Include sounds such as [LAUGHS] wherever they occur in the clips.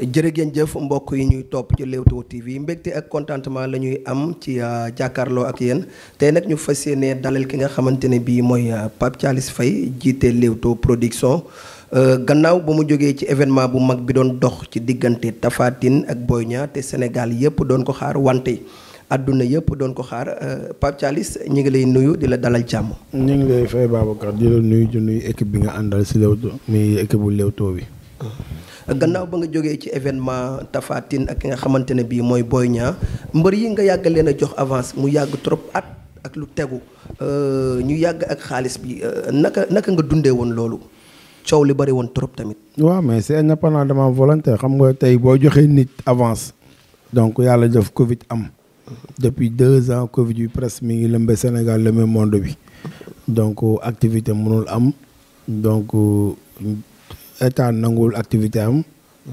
jërë jëf mbokk yi ñuy topp ci Leewtoo TV mbégte ak contentement la ñuy am ci euh, jàkkaarloo ak yéen tey nag ñu fas yéene dalal ki nga xamante ne bii mooy euh, Pape Thialis Faye jiite Leewtoo production euh, gannaaw ba mu jógee ci événement bu mag bi doon dox ci diggante Tapha ak Boy Niang te Sénégal yépp doon ko xaar wante àdduna yépp doon ko xaar Pape Thialis ñu ngi lay nuyu di la dalal jàmm. ñu ngi lay fay Babacar di la nuyu di nuyu équipe bi nga àndal si Leewtoo muy équipe bu Leewtoo bi. Ah. gannaaw ba nga jógee ci événement Tapha ak ki nga xamante ne bii mooy Boy ñaar mbër yi nga yàgg leen a jox avance mu yàgg trop at ak lu tegu euh, ñu yàgg ak xaalis bi euh, naka naka nga dundee woon loolu coow li bari woon trop tamit. waaw mais c'est un dépendement volontaire xam nga tey boo joxee nit avance donc yàlla def Covid am. depuis deux ans Covid bi presque mi ngi lëmbe Sénégal lëmbe monde bi donc activité mënul am donc. Euh, état nanguwul activité am.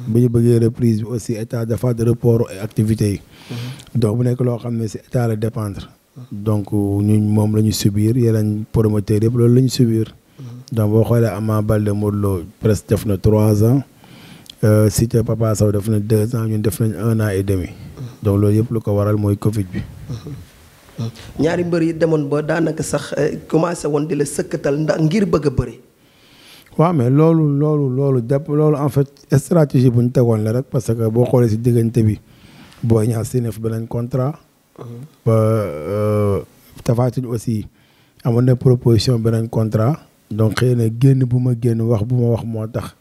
bu ñu bëggee reprise bi aussi état dafa de report activité yi. donc bu nekk loo xam ne si état la dépendre. donc ñun moom la ñu subir yeneen promoteurs yëpp loolu la ñu subir. donc boo xoolee Ama Baldé Modou presque def na trois ans. Euh, site Papa saw def na deux ans ñun def nañ un an et demi. donc loolu yëpp lu ko waral mooy Covid bi. ñaari mbër yi demoon ba daanaka sax euh, commencé woon di la sëkkatal ndax ngir bëgg a bëri. waaw mais loolu loolu loolu jàpp loolu en fait stratégie bu ñu tegoon la rek parce que boo xoolee si diggante bi Boy Niang signé fi beneen contrat. Uh-huh. ba euh, Tapha Tine aussi amoon na proposition beneen contrat. donc xëy na génn bu ma génn wax bu ma wax moo tax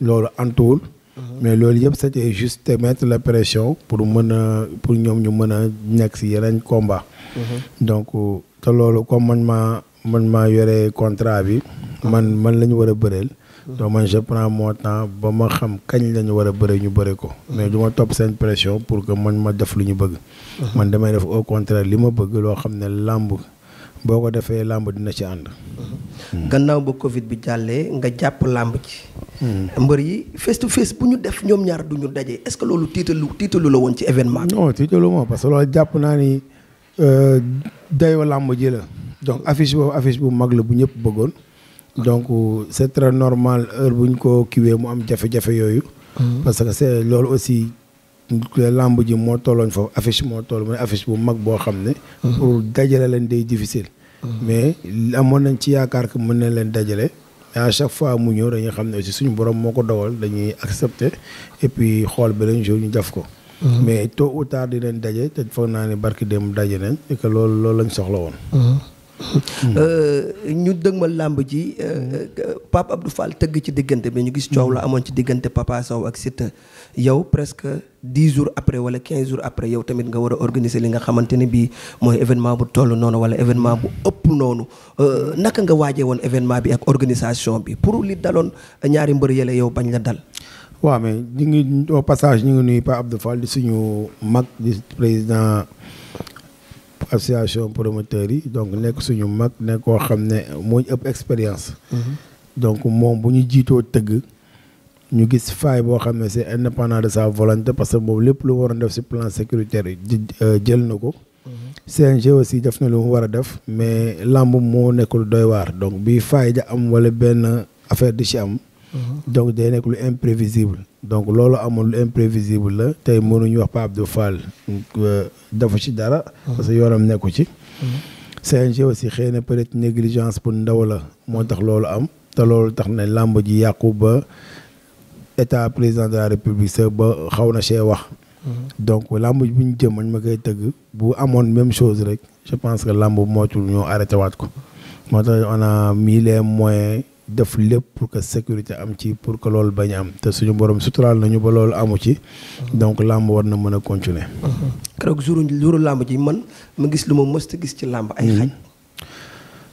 loolu antuwul. Uh-huh. mais loolu yëpp c'était juste mettre la pression pour mën a pour ñoom ñu mën a nekk si yeneen komba uh-huh. donc euh, te loolu comme man man maa yore contrat bi man man la ñu war a bëreel doo man je prends mon temps ba ma xam kañ la ñu war a bëre ñu bëre ko mais duma ma topp seen pression pour que man ma def lu ñu bëgg man damay def au contraire li ma bëgg loo xam ne làmb boo ko defee làmb dina ci ànd mm-hmm. gannaaw ba covid bi jàllee nga jàpp làmb ci mm-hmm. mbër yi face to face bu ñu def ñoom ñaar du ñu daje est-ce que loolu tiitalu tiitalu la woon ci événement non tiitalu ma parce loolu jàpp naa ni euh, dayoo làmb ji donc affiche boobu affiche bu mag la bu ñëpp bëggoon donc c'est très normal heure bu ñu ko kiwee mu am jafe-jafe yooyu mm-hmm. parce que c'est loolu aussi làmb ji moo tolloon foofu affiche moo toll mooy affiche bu mag boo xam ne mm-hmm. pour dajale leen day difficile mm-hmm. mais amoon nañ ci yaakaar que mën nañ leen dajale à chaque fois mu ñëw dañuy xam ne aussi suñu boroom moo ko dogal dañuy accepter et puis xool beneen jour ñu def ko mais tôt ou tard dinañ daje te foog naa ne barki dem daje nañ et loolu loolu lañ soxla woon Euh, ñu dëgmal làmb ji euh, Pape Abdou Fall tëgg ci diggante bi ñu gis coow la amoon ci diggante Papa Sow ak Siteu yow presque dix jours après wala quinze jours après yow tamit nga war a organiser li nga xamante ne bii mooy événement bu toll noonu wala événement bu ëpp noonu euh, naka nga waajee woon événement bi ak organisation bi pour li daloon ñaari mbër yële yow bañ la dal. waaw mais ñu ngi au passage ñu ngi nuyu Pape Abdou Fall di suñu mag di président. association promoteurs yi donc nekk suñu mag nekk koo xam ne moo ëpp expérience. Mhm. donc moom bu ñu jiitoo tëgg. ñu gis faay boo xam ne c'est indépendant de sa volonté parce que moom lépp lu war a def si plan sécuritaire yi euh, jël na ko. Mhm. CNG aussi def na lu mu war a def mais lamb moo nekkul doy waar donc bi faay da am wala benn affaire di ci am. Mhm. donc day nekk lu imprévisible. donc loolu amul lu imprévisible la tey mënuñu wax Pape Abdou Fall euh, dafa ci dara. parce que nekku ci. CNG aussi xëy na peut-être négligence pour ndaw la moo tax loolu am te loolu tax ne làmb ji yàqu ba état président de la république sa ba xaw na see wax. donc làmb ji bu ñu jëm man ma koy tëgg bu amoon même chose rek je pense que làmb mootul ñoo arrêté waat ko moo tax on a mis def lépp pour que sécurité am ci pour que loolu bañ am te suñu borom suturaal nañu ba loolu amu ci. donc làmb war na mën a continuer. keroog jour jouru làmb ji man ma gis lu ma mës a gis ci làmb ay xaj. Hmm.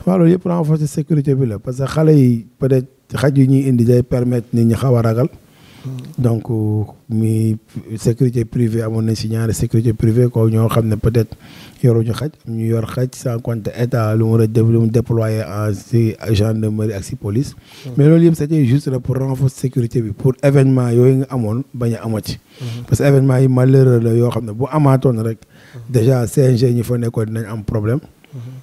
waaw loolu yëpp renforcer sécurité bi la parce que xale yi peut-être xaj yu ñuy indi day permettre nit ñi xaw a ragal. donc euh, muy sécurité privée amoon na si ñaari sécurité privée ko ñoo xam ne peut-être yoruñu xaj ñu yor xaj sans compter état lu mu ra lu mu déployé en si gendarmerie ak si police. Mm. mais loolu yëpp c'était juste rek pour renforcer sécurité bi pour événement yooyu nga amoon bañ a amati. Mm-hmm. parce que événement yi malheureux la yoo xam ne bu amaatoon rek. Mm-hmm. déjà CNG ñi fa nekkoon dinañ am problème.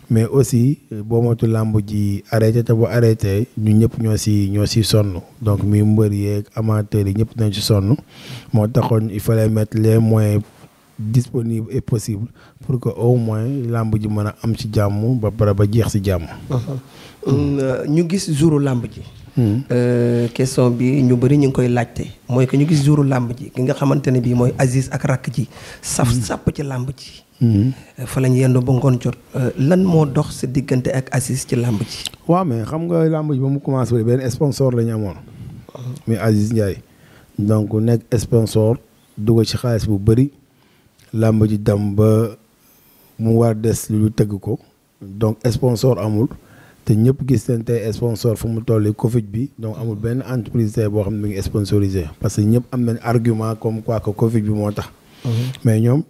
mais aussi euh, boo moytu làmb ji arrêté te bu arrêté ñu ñëpp ñoo si ñoo si sonn donc muy mbër yeeg amateurs yi ñëpp nañ si sonn moo taxoon il fallait mettre les moyens disponible et possible pour que au moins làmb ji mën a am ci jàmm ba pare ba jeex si jàmm. Uh-huh. Um, uh, ñu gis jouru làmb ji. Hmm. Uh, question bi ñu bëri ñu ngi koy laajte mooy que ñu gis jouru làmb ji ki nga xamante ne bii mooy Aziz ak rakk ji. saf hmm. sàpp ci làmb ji. Mm-hmm. fa lañ yendu ba ngoon jot. Euh, lan moo dox sa diggante ak Aziz ci làmb ji. waaw mais xam nga làmb ji ba mu commencé ba benn sponsor la ñu amoon. Uh-huh. muy Aziz Ndiaye. donc nekk sponsor dugg ci xaalis bu bëri. làmb ji dem ba mu war des lu tëgg ko. donc sponsor amul. te ñëpp gis nañ tey sponsor fu mu toll Covid bi donc amul benn entreprise tey boo xam ne mu ngi sponsorisé parce que ñëpp am nañ argument comme quoi que Covid bi moo tax. Uh-huh. mais ñoom.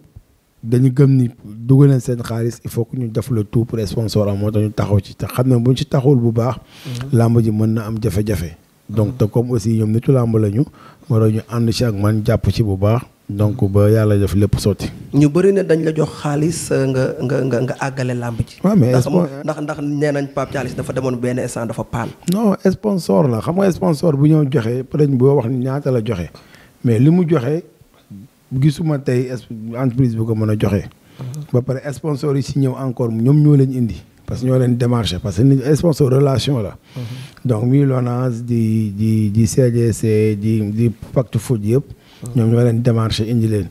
dañu gëm ni dugal nañ seen xaalis il faut que ñu def le tout pour sponsor am moo tax ñu taxaw ci te xam ne buñ ci taxawul bu baax. Mhm. làmb ji mën na am jafe-jafe. donc mhm. te comme aussi ñoom nitu làmb lañu. moo tax ñu ànd ci ak man jàpp ci bu baax. donc mhm. ba yàlla def lépp sotti. ñu bëri ne dañ la jox xaalis euh, nga nga nga àggale làmb ji. waaw mais ndax ndax nee nañ Pape Thialis dafa demoon benn instant dafa paan. non sponsor la xam nga sponsor bu ñëw joxee peut-être boo wax ni ñaata la joxe li mu joxe. gisuma tey entreprise bu ko mën a joxe. ba pare sponsor yi si ñëw encore ñoom ñoo leen indi. parce que ñoo leen démarché parce que ni relation la. donc muy LONASE di di di sede di di Pact Food yëpp. ñoom ñoo leen démarché indi leen.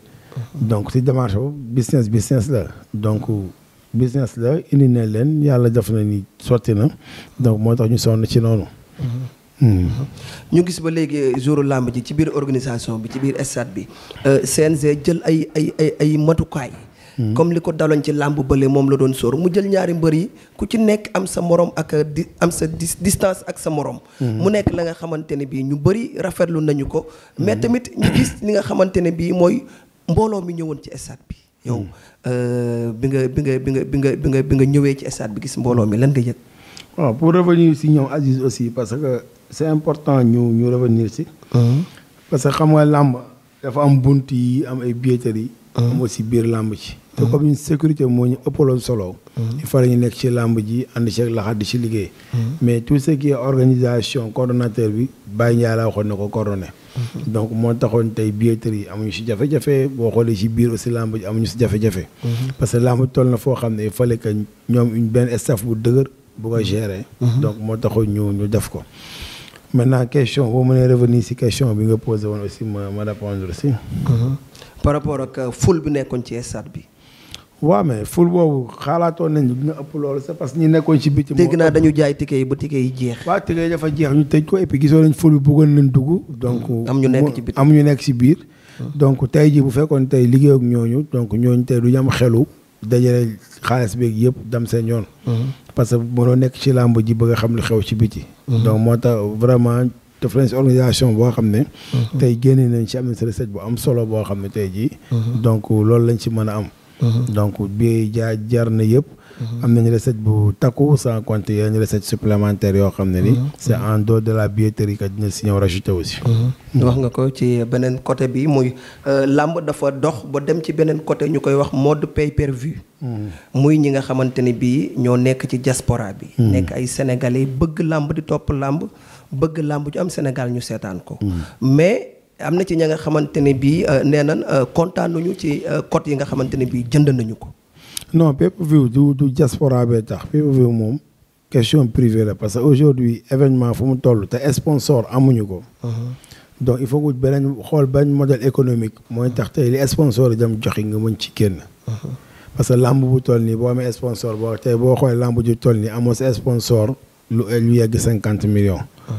donc si démarche boobu business business la donc business la indi ne leen yàlla def na ni sotti na donc moo tax ñu sonn ci noonu. ñu gis ba léegi jouru làmb ji ci biir organisation bi ci biir stade bi euh, CNG jël ay ay ay ay matukaay. Hmm. comme li ko daloon ci làmb bële moom la doon sóor mu jël ñaari mbër yi ku ci nekk am sa morom ak di am sa distance ak sa morom. Hmm. mu nekk la nga xamante ne bii ñu bëri rafetlu nañu ko. mais hmm. tamit ñu gis li nga xamante ne bii mooy mbooloo mi ñëwoon ci stade bi. yow euh, bi nga bi nga bi nga bi nga bi nga bi nga ñëwee ci stade bi gis mbooloo mi lan nga yëg. c'est important ñu ñu revenir si. parce que xam nga làmb dafa am bunt yi am ay billetterie yi. am aussi biir làmb ci. te comme ñun sécurité moo ñu ëppaloon solo. il faut ñu nekk ci làmb ji ànd ci ak laxaat di ci liggéey. mais tout ce qui est organisation coordonnateur bi bàyyi Ndiaye laa waxoon na ko coordonné. donc moo taxoon tey billetterie yi amuñu ci jafe-jafe boo xoolee si biir aussi làmb ji amuñu si jafe-jafe. parce que làmb toll na foo xam ne il fallait que ñoom benn staff bu dëgër bu ko gérer. donc moo taxoon ñu ñu def ko. maintenant question boo mënee revenir si question bi nga posé woon aussi ma ma répondre si. Mhm. par rapport ak euh, ful bi nekkoon ci stade bi. waaw mais ful boobu xaalaatoon nañu dina ëpp loolu sax parce que ñi nekkoon ci biti. dégg naa dañu jaay ticket yi ba ticket yi jeex. waaw ticket yi dafa jeex ñu tëj ko et puis gisoo nañ ful bi bëggoon nañ dugg. donc mhm. am ñu nekk ci biir am nekk ci biir. donc tey jii bu fekkoon tey liggéey ak ñooñu donc ñooñu tey du ñu am xelu. dajale xaalis beeg yëpp dem seen yoon. Mhm. parce que mënoo nekk ci làmb ji bëgg a xam lu xew ci biti. Mhm. don moo tax vraiment def nañ si organisation boo xam ne. Mhm. tey génne nañ ci am na si bu am solo boo xam ne tey jii. donc loolu lañ ci mën a am. donc bi jaar jar na yëpp. Mm-hmm. am nañu recette bu takku sans compter yeneen recette supplémentaire yoo xam ne ni. Mm-hmm. c' est en dehors de la billetterie que dina si ñëw rajouté aussi. Mm-hmm. wax nga ko ci beneen côté bi muy euh, làmb dafa dox ba dem ci beneen côté ñu koy wax mode pay per muy ñi nga xamante ni bii ñoo nekk ci jaspora bi. nekk ay sénégalais bëgg làmb di topp làmb bëgg làmb ju am Sénégal ñu seetaan ko. mais am na ci ña nga xamante ne bii euh, nee nan euh, kontaan nañu ci cote yi nga xamante ne bii jënd nañu ko. non pay-per-view du du diaspora tax pay view moom question privée la parce que aujourd'hui événement fu mu toll te sponsor amuñu ko. Uh-huh. donc il faut que beneen xool benn modèle économique. mooy tax tey li sponsor yi dem joxe nga mën ci génn. Uh-huh. parce que lamb bu toll nii boo amee sponsor boo tey boo xoolee lamb ju toll nii amoo sa sponsor lu lu yegg cinquante million uh-huh.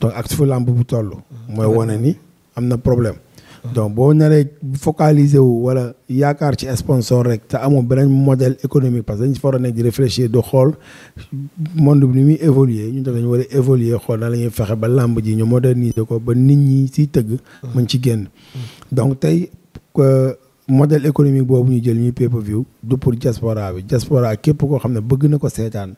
donc ak fu lamb bu toll. mooy wane nii am na problème. donc boo naree focaliser wu wala yaakaar ci sponsor rek te amoo beneen modèle économique parce que dañu si war a nekk di réfléchir di xool monde ni muy évoluer ñu def dañu war a évoluer xool na fexe ba làmb ji ñu moderniser ko ba nit ñi siy tëgg. mën ci génn. donc tey euh, modèle économique boobu ñu jël ñuy pay-per-view du pour diaspora bi diaspora képp koo xam ne bëgg na ko seetaan.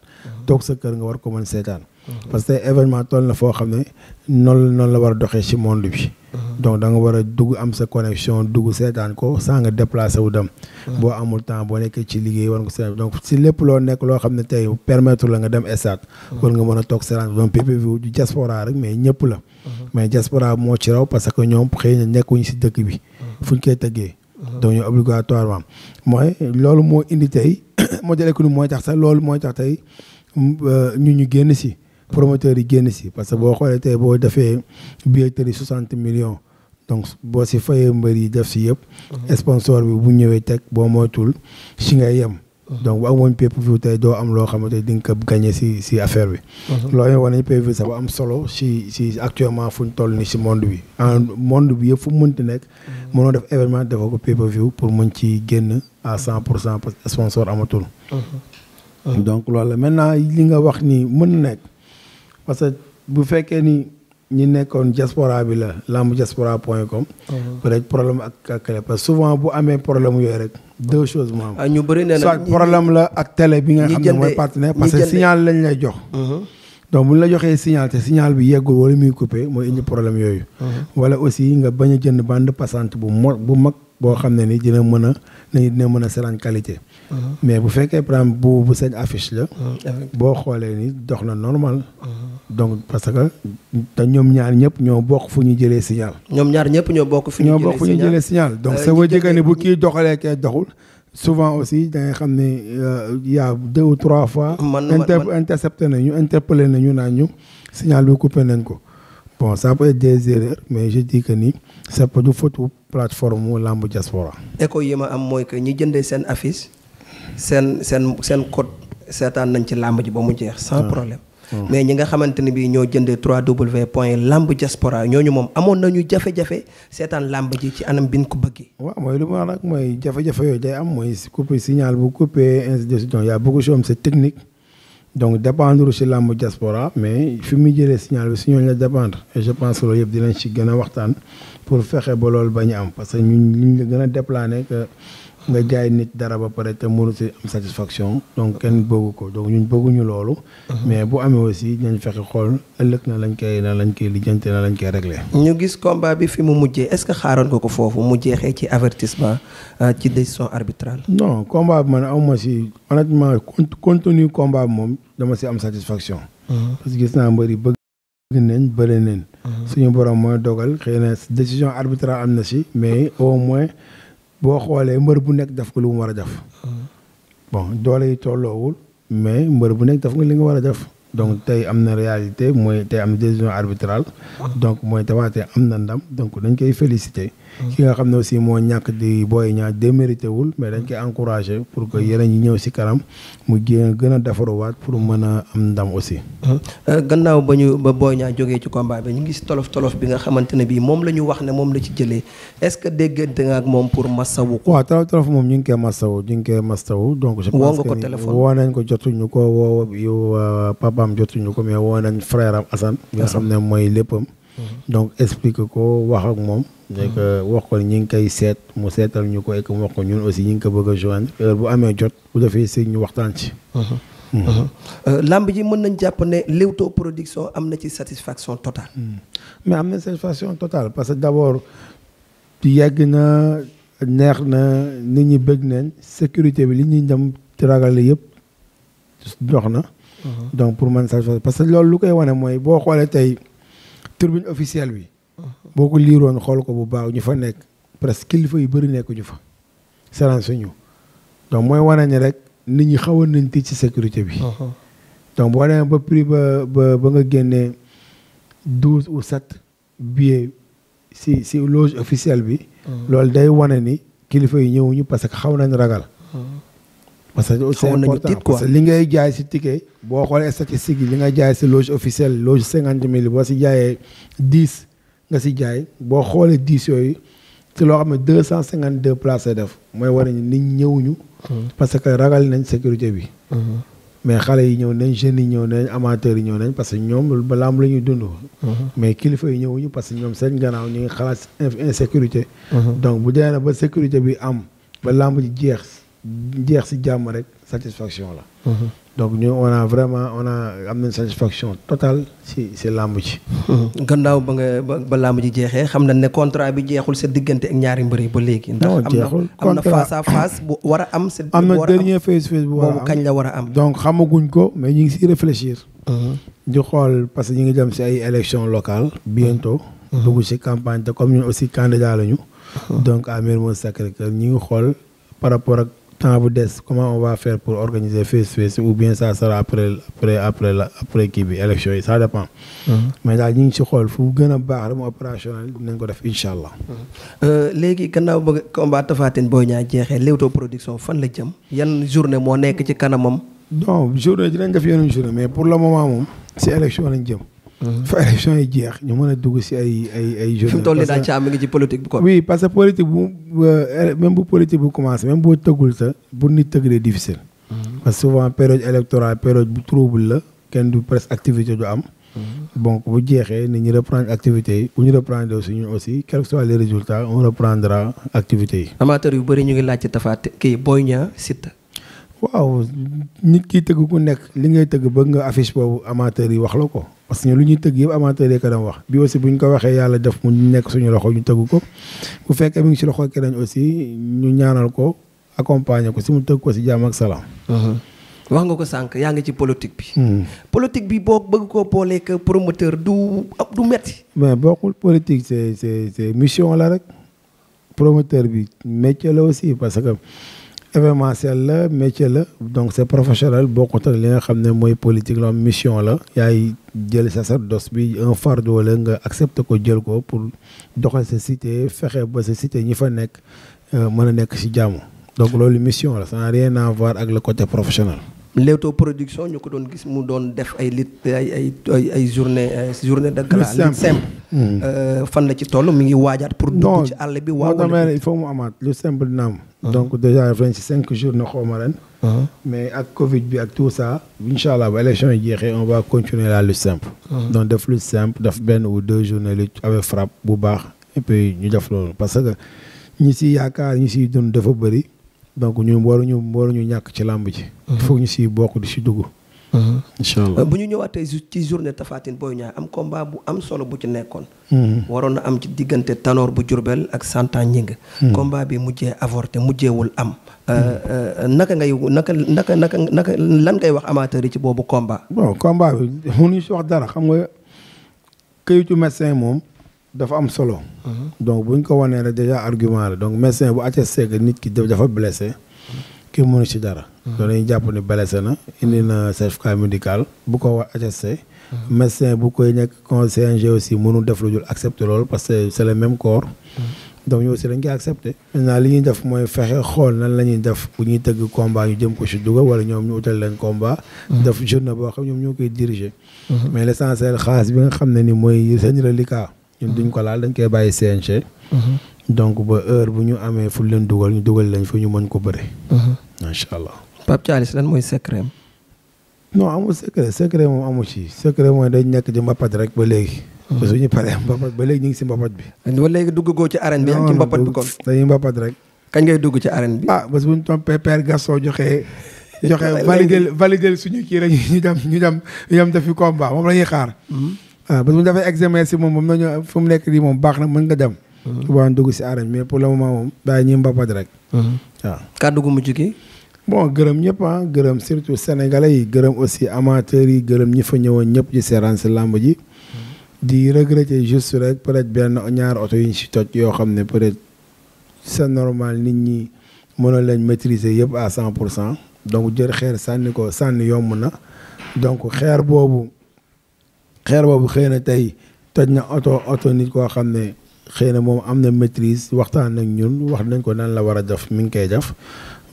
toog sa kër nga war ko mën seetaan. Mhm. parce que événement toll na foo xam ne noonu noonu la war a doxee ci monde bi. Mhm. donc da nga war a dugg am sa connexion dugg seetaan ko sans nga déplacé wu dem. Mhm. boo amul temps boo nekkee ci liggéey war nga seet donc si lépp loo nekk loo xam ne tey permettre la nga dem stade. war nga mën a toog seetaan donc PPV du diaspora rek mais ñëpp la. mais diaspora moo ci raw parce que ñoom xëy nekk nekkuñu si dëkk bi. fuñ koy tëggee. donc ñu obligatoirement mooy loolu moo indi tey [COUGHS] moo jëlee ko ni mooy tax sax mooy tax tey mm, euh, ñu ñu génn si. promoteurs yi génn si parce que boo xoolee tey boo defee billetterie soixante millions donc boo si faye mbër yi def si yëpp. sponsor bi bu ñëwee teg boo moytul si ngay yem. donc bu amoon pay-per-view tey doo am loo xamante di nga ko si si affaire bi. loolu yëpp wane pay per am solo si si actuellement fu tol ni si monde bi. en monde bi yëpp fu mu mënti nekk. mënoo def événement dafa ko pay-per-view pour mën ci génn à cent pour cent parce que sponsor amatul. Uh-huh. donc loolu la maintenant li nga wax ni mën nekk. parce que bu fekkee ni ñi nekkoon diaspora bi la lamb diaspora point com. Uh-huh. peut être problème ak ak télé parce que souvent bu amee problème yooyu rek deux choses moo ah, ñu bëri nee soit problème la ak télé bi nga xam ne mooy partenaire parce que signal lañ lay jox. Uh-huh. donc bu ñu la joxee signal te signal bi yeggul wala muy coupé mooy indi problème yooyu. Uh-huh. wala aussi nga bañ a jënd bande passante bu mo bu mag boo xam ne nii dina mën a dina mën a seraan qualité. mais bu fekkee par bu bu seen affiche la. Ah, boo xoolee ni dox na normal. Ah. donc parce que te ñoom ñaar ñëpp ñoo bokk fu ñu jëlee signal. ñoom ñaar ñëpp ñoo bokk fu ñoo bokk fu ñu jëlee signal donc euh, ça veut dire ni bu kii doxalee kee doxul. souvent aussi da xam ne euh, y' a deux ou trois fois. man intercepté nañu interpellé nañu naa ñu signal bi coupé nañ ko. bon ça peut être des erreurs mais je dis que ni c'est pas du plateforme mu lambu diaspora. écho yi ma am mooy que ñi jëndee seen affiche. seen seen seen code seetaan nañ ci làmb ji ba mu jeex sans ah. problème ah. mais ñi nga xamante ne bii ñoo jëndee 3W point lamb diaspora ñooñu moom amoon nañu jafe-jafe seetaan lamb ji ci anam bi ñu ko bëggee. waaw mooy lu ma wax nag mooy jafe-jafe yooyu day am mooy coupé signal bu coupe ainsi de suite donc y a beaucoup de choses c'est technique donc dépendre ci lamb diaspora mais fi mu jëlee signal bi si ñooñu la dépendre et je pense que loolu yëpp dinañ ci gën a waxtaan pour fexe ba loolu am parce que ñun liñ la gën a déplané nga jaay nit dara ba pare te mënu si am satisfaction donc kenn bëggu ko donc ñun bëgguñu loolu. Uh-huh. mais bu amee aussi dinañ fexe xool ëllëg na lañ koy na lañ koy lijjante na lañ koy réglé. ñu gis combat bi fi mu mujjee est-ce que xaaroon ko ko foofu mu jeexee ci avertissement euh, ci décision arbitrale. non combat bi man amuma si honnêtement contenu combat bi moom dama si am satisfaction. Uh-huh. parce que gis naa mbëri bëgg nañ bëri nañ. Uh-huh. suñu borom mooy dogal xëy na décision arbitrale am na si mais boo xoolee mbër bu nekk def ko lu mu war a def. bon doole yi tolloowul mais mbër bu nekk def nga li nga war a def. donc tey am na réalité mooy tey am na décision arbitrale. donc mooy Tapha Tine am na ndam donc dañ koy féliciter. ki nga xam ne aussi moo ñàkk di booy ñaar démérité wul mais dañ koy encouragé pour que yeneen ñi ñëw si kanam mu gën a defaruwaat pour mën a am ndam aussi. Euh, gannaaw ba ñu ba booy ñaar jógee ci combat bi ñu gis tolof tolof bi nga xamante ne bii moom la ñu wax ne moom la ci jëlee est-ce que déggante nga ak moom pour masawu. waaw tolof tolof moom ñu ngi koy masawu ñu ngi koy masawu donc. je pense que woo nañ ko jotuñu ko woo yow euh, papaam jotuñu ko mais woo nañ frère am Assane. nga xam ne mooy léppam. donc explique ko wax ak moom. nekk wax ko ñi ngi koy seet mu seetal ñu ko ek mu wax ñun aussi ñu ngi ko bëgg a joindre heure bu amee jot bu defee si ñu waxtaan ci. Euh, lamb ji mën nañ jàpp ne Leewtoo production am na ci satisfaction totale. mais am na satisfaction totale parce que d'abord yegg na neex na nit ñi bëgg nañ sécurité bi li ñuy dem ci ragal yëpp dox na. donc pour man satisfaction parce que loolu lu koy wane mooy boo xoolee tey. turbine officielle bi boo ko liiroon xool ko bu baax ñu fa nekk presque kilifa yi bëri nekk ñu fa saran suñu donc mooy wane ni rek nit ñi xawoon nañ tiit ci sécurité bi uh-huh. donc boo demee ba prix ba ba ba nga génnee douze ou sept billets si si loge officielle bi uh-huh. loolu day wane ni kilifa yi ñëwuñu parce que xaw nañ ragal uh-huh. parce que c'est important parce que li ngay jaay si ticket boo xoolee statistique yi li nga jaay si loge officielle loge cinquante mille boo si jaayee dix nga si jaay boo xoolee dix yooyu ci loo xam ne deux cent cinquante deux places def mooy war nañu nit ñu mm-hmm. parce que ragal nañ sécurité bi. Mm-hmm. mais xale yi ñëw nañ jeunes yi ñëw nañ amateurs yi ñëw nañ parce que ñoom ba lamb la ñu dund. Mm-hmm. mais kilifa yi ñëwuñu parce que ñoom seen gannaaw ñu ngi xalaat insécurité. donc bu dee na bi am lamb ji jeex. jeex si jàmm rek satisfaction la. Mhm. donc ñu on a vraiment on a am nañ satisfaction totale si si làmb ji. Mhm. gannaaw ba nga ba làmb ji jeexee xam nañ ne contrat bi jeexul sa diggante ak ñaari mbër yi ba léegi. ndax am na face à face bu war a am. am na dernier face face bu war a am la war a am. donc xamaguñ ko mais ñu ngi siy réfléchir. Mhm. di xool parce ñu ngi dem si ay élections locales. bientôt. dugg si campagne te comme ñun aussi candidat lañu. donc à Mermoz Sacré-Cœur ñu ngi xool par rapport temps bu des comment on va faire pour organiser face face ou bien ça sera après après après la après kii bi yi ça dépend. Mm-hmm. mais daal ñu ngi xool fu gën a baax rek mu opérationnel dinañ ko def incha allah. Mm-hmm. Euh, léegi gannaaw ba combat Tapha Tine Boy Niang jeexee Leewtoo production fan la jëm yan journée moo nekk ci kanamam. non journée dinañ def yeneen journée mais pour le moment moom si élection lañ jëm. fa élection yi jeex ñu mën a dugg si ay ay ay. jeunes fi mu toll nii daal ngi ci politique bi quoi. oui parce que politique bu euh, même bu bu commencé même boo tëggul sa bu nit tëgg de difficile. Mm-hmm. parce que souvent période électorale période bu trouble la kenn du presque activité du am. Mm-hmm. bon bu jeexee nit ñi reprendre activité yi bu ñu reprendre aussi ñun aussi quel que soit les résultats on reprendra activité yi. amateurs yu bëri ñu ngi laajte tafaate kii Boy Niang Siteu. waaw nit ki tëgg nekk li ngay tëgg bëgg nga affiche boobu amateurs yi wax la ko. parce que lu ñuy tëgg yëpp amateur yi ko doon wax bi aussi bu ñu ko waxee yàlla def mu nekk suñu loxo ñu tëgg ko bu fekkee mu ngi si loxo keneen aussi ñu ñaanal ko accompagner ko si mu tëgg ko si jàmm ak salaam. Uh-huh. wax nga ko sànq yaa ngi ci politique bi. Hmm. politique bi boo bëgg koo booleeg promoteur du du metti. mais bokkul politique c'est c'est c'est mission la rek promoteur bi métier la aussi parce que. événementiel la métier la donc c'est professionnel boo ak li nga xam ne mooy politique la mission la yaay jël sacerdoce bi un fardeau la nga accepté ko jël ko pour doxal sa cité fexe ba sa cité ñi fa nekk euh, mën a nekk ci jàmm donc loolu mission la ça n'a rien à voir ak le côté professionnel Leewtoo production ñu ko doon gis mu doon def ay lit ay ay ay journée journée de gala simple hmm. euh, fan la ci toll mi ngi waajaat pour dugg ci àll bi waaw damee il faut mu amaat lu simple dina hmm. donc déjà def ci cinq jours na xawma ren hmm. mais ak covid bi ak tout ça incha allah ba élection yi jeexee on va continuer la lutte simple donc def lutte simple daf benn ou deux journées lutte avec frappe bu baax et puis ñu def loolu parce que ñi si yaakaar ñi si dund dafa bëri donc ñun waruñu ñu ñàkk ci làmb ji. il mhm. ñu si bokk di si dugg. Mhm. incha allah euh, bu ñu ñëwaatee ci journée Tafatine Boy Niang am combat bu am solo bu ci nekkoon. Mhm. waroon a am ci diggante Tanor bu Jurbel ak Santa Ñing. combat bi mujjee avorté mujjeewul am. Euh, euh, naka ngay naka naka naka naka lan ngay wax amateur yi ci boobu combat. bon combat bi mënuñu si wax dara xam nga këyitu médecin moom. dafa am solo. donc bu ñu ko wanee rek déjà argument la donc médecin bu attesté que nit ki dafa blessé. ki mënu ci dara. Hmm. dañuy jàpp ni blessé na indi na certificat médical bu ko war attesté. Hmm. médecin bu koy nekk conseiller aussi mënul def lu dul accepté loolu parce que c'est le même corps. Hmm. donc ñoo aussi dañ li ñuy def mooy fexe xool na la ñuy def bu ñuy tëgg combat ñu jëm ko ci dugal wala ñoom ñu utal leen combat. def journée boo xam ñoom ñoo koy diriger. mais l'essentiel ñun duñ ko laal dañ koy bàyyi CNG. Mhm. donc ba heure bu ñu amee fu leen dugal ñu dugal lañ fu ñu mën ko bëre. Mhm. macha allah. Pape Thialis lan mooy secret am. non amul secret secret moom amu ci secret mooy dañ nekk ci mbapat rek ba léegi. parce mhm. que ñu paree mbapat ba léegi ñu ngi si mbapat bi. ba léegi dugg goo ci arène bi. ci mbapat bi kon dañuy rek. kañ ngay dugg ci arène bi. ah parce que bu ñu toppee Père Gaston joxe. joxe validé [LAUGHS] validé suñu kii rek ñu dem ñu dem ñu dem defi combat moom la xaar. waaw bu ñu defee examen si moom moom fu mu nekk nii moom baax na mën nga dem. tubaab mhm. dugg si arène mais pour le moment moom daa ñuy mbapat rek. Mhm. waaw kàddu mu mujj gi. bon gërëm ñëpp ah gërëm surtout sénégalais yi gërëm aussi amateurs yi gërëm ñi fa ñëwoon ñëpp ci seeraan si làmb ji. Mhm. di regretter juste rek peut-être benn ñaar oto yi ñu si toj yoo xam ne peut-être c'est normal nit ñi mënoo leen maîtriser yëpp à cent pour cent donc jël xeer sànni ko sànni yomb na donc xeer boobu. xeer boobu xëy na tey toj na oto oto nit koo xam ne xëy na moom am na maîtrise waxtaan ak ñun wax nañ ko nan la war a def mi ngi koy def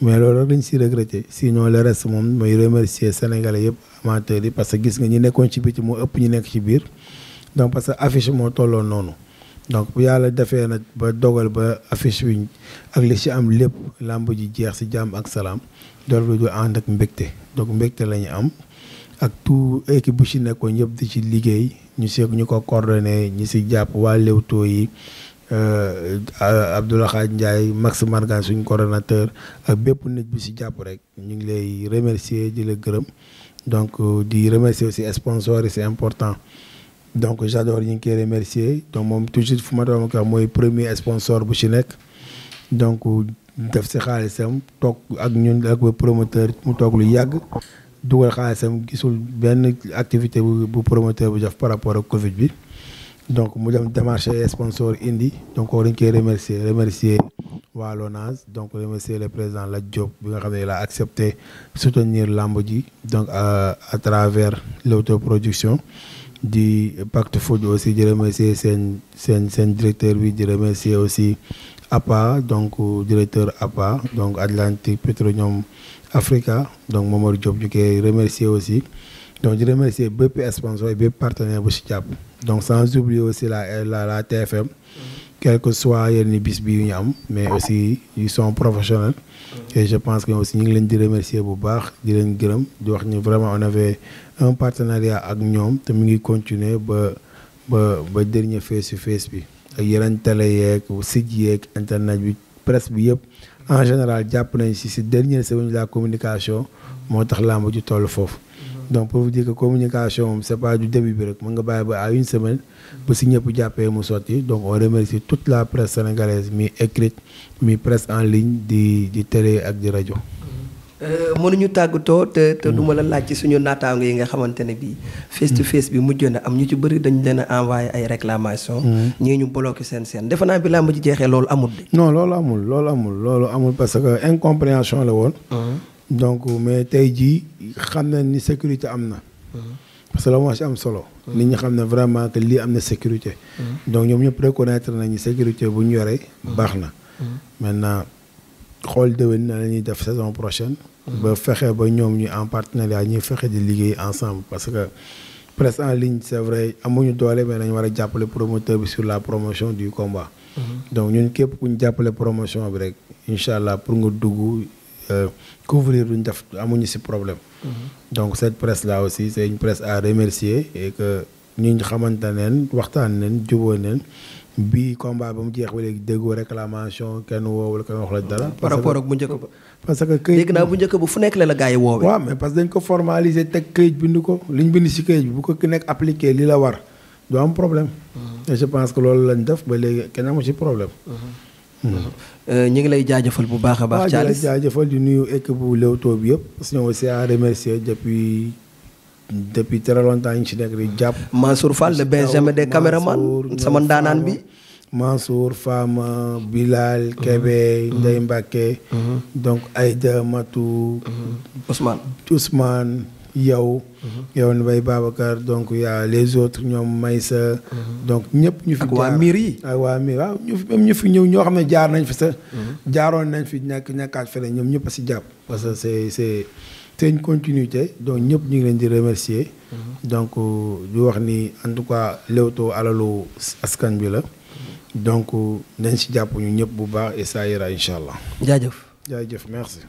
mais loolu rek lañ si regretté sinon le reste moom mooy remercier sénégalais yëpp amateurs yi parce que gis nga ñi nekkoon ci biti moo ëpp ñu nekk ci biir donc parce que affiche moo tolloon noonu donc bu yàlla defee nag ba dogal ba affiche bi ak li ci am lépp làmb ji jeex si jàmb ak salaam dool lu du ànd ak mbégte donc mbégte la ñu am ak tout équipe bu ci nekkoon ñëpp di ci liggéey ñu seeg ñu ko coordonné ñi si jàpp waa Leewtoo yi euh, euh, Abdoulaye Khady Ndiaye Max Margan suñ coordonnateur ak bépp nit bi si jàpp rek ñu ngi lay remercier di la gërëm donc euh, di remercier aussi sponsor yi c'est important donc j'adore ñu ngi koy remercier donc moom toujours fu ma doon wax mooy premier sponsor bu ci nekk donc def si xaalisam toog ak ñun ak promoteur mu toog lu yàgg dugal xaalisam gisul benn activité bu bu promoteur bu def par rapport ak Covid bi donc mu dem démarché sponsor indi donc dañ koy remercier remercier walo LONASE donc remercier le président la Diop bi nga xam ne la accepté soutenir làmb ji donc euh, à travers production di Pacte Foot aussi di remercier seen seen seen directeur bi ji remercier aussi APA donc directeur APA donc Atlantic Petroleum Africa donc Momar Diop ñu koy remercier aussi donc di remercier bépp sponsor et bépp partenaire bu si jàpp donc sans oublier aussi la la la TFM quel que soit yenn bis bi yu ñu am mais aussi ils sont professionnels mm-hmm. et je pense que aussi ñu ngi leen di remercier bu baax di leen gërëm di wax ni vraiment on avait un partenariat ak ñoom te mu ngi continuer ba ba ba dernier face to face bi ak yeneen télé yeeg site yeeg internet bi presse bi yëpp en général jàpp nañ si si dernier semaine la communication moo tax làmb ji toll foofu donc pour vous communication moom c'est pas du début bi rek mën nga bàyyi ba à une semaine ba si ñëpp jàppee sotti donc on remercie tout la presse sénégalaise mi écrite mi presse en ligne di di télé ak di rajo Euh, mënuñu tàggatoo te te du ma la laaj ci suñu naataango yi nga xamante ne bii. face to face bi mujj na am ñu ci bëri dañu leen envoyé ay réclamations. Mm-hmm. ñii ñu bloqué seen seen defe naa bi laa ci jeexee loolu amul de. non loolu amul loolu amul parce que incompréhension la woon. Mm-hmm. donc mais tey jii xam na ni sécurité am na. solo mm-hmm. que la moo si am solo. nit ñi xam ne vraiment que lii am na sécurité. donc ñoom ñëpp reconnaître nañu sécurité bu ñu yore. baax na. maintenant xool déwén la ñuy def saison prochaine. ba fexe ba ñoom ñu en partenariat ñuy fexe di liggéey ensemble parce que presse en ligne c'est vrai amuñu doole mais nañu war a jàppale promoteur bi sur la promotion du combat. Mm-hmm. donc ñun képp ku ñu jàppale promotion bi rek incha allah pour nga dugg euh, couvrir luñ def amuñu ci problème. Mm-hmm. donc cette presse là aussi c'est une presse à remercier et que ñu xamante neen waxtaan neen jubóo neen bii combat ba mu jeex ba léegi déggoo réclamation kenn woowul kenn wax la dara. par rapport ak bu parce que këyit naa bu njëkk bu fu nekk la la gars yi woowee. waaw mais parce que dañ ko formaliser teg këyit bind ko liñ bind si këyit bi bu ko ki nekk appliqué li la war du am problème. Mhm. et je pense que loolu lañ def ba léegi kenn amu ci problème. Mhm. Mhm. Euh, ñu ngi lay jaajëfal bu baax a baax. Thialis waaw jaajëfal di nuyu équipe bu Leewtoo bi yëpp. parce depuis depuis très longtemps ñu si nekk di jàpp. Mansour Fall le benjamin des caméramans sama ndaanaan bi. Mansour Fama Bilal Kébé mhm. Ndeye Mbacké mhm. donc Aïda Matou mhm. Ousmane Ousmane yow yow ni bay Babacar donc y'a les autres ñoom Maysa donc ñëpp ñu fi jaar waa waa miir ñu ñu fi ñëw ñoo xam ne jaar nañ fi sax jaaroon nañ fi ñàkk nekkaat feneen ñoom ñëpp a si jàpp parce que c'est c'est c'est une continuité donc ñëpp ñu ngi leen di remercier donc euh, di wax ni en tout cas Leewtoo alalu askan bi la donc euh, nañ si jàpp ñu ñëpp bu baax et ça ira incha allah. jaajëf jaajëf merci.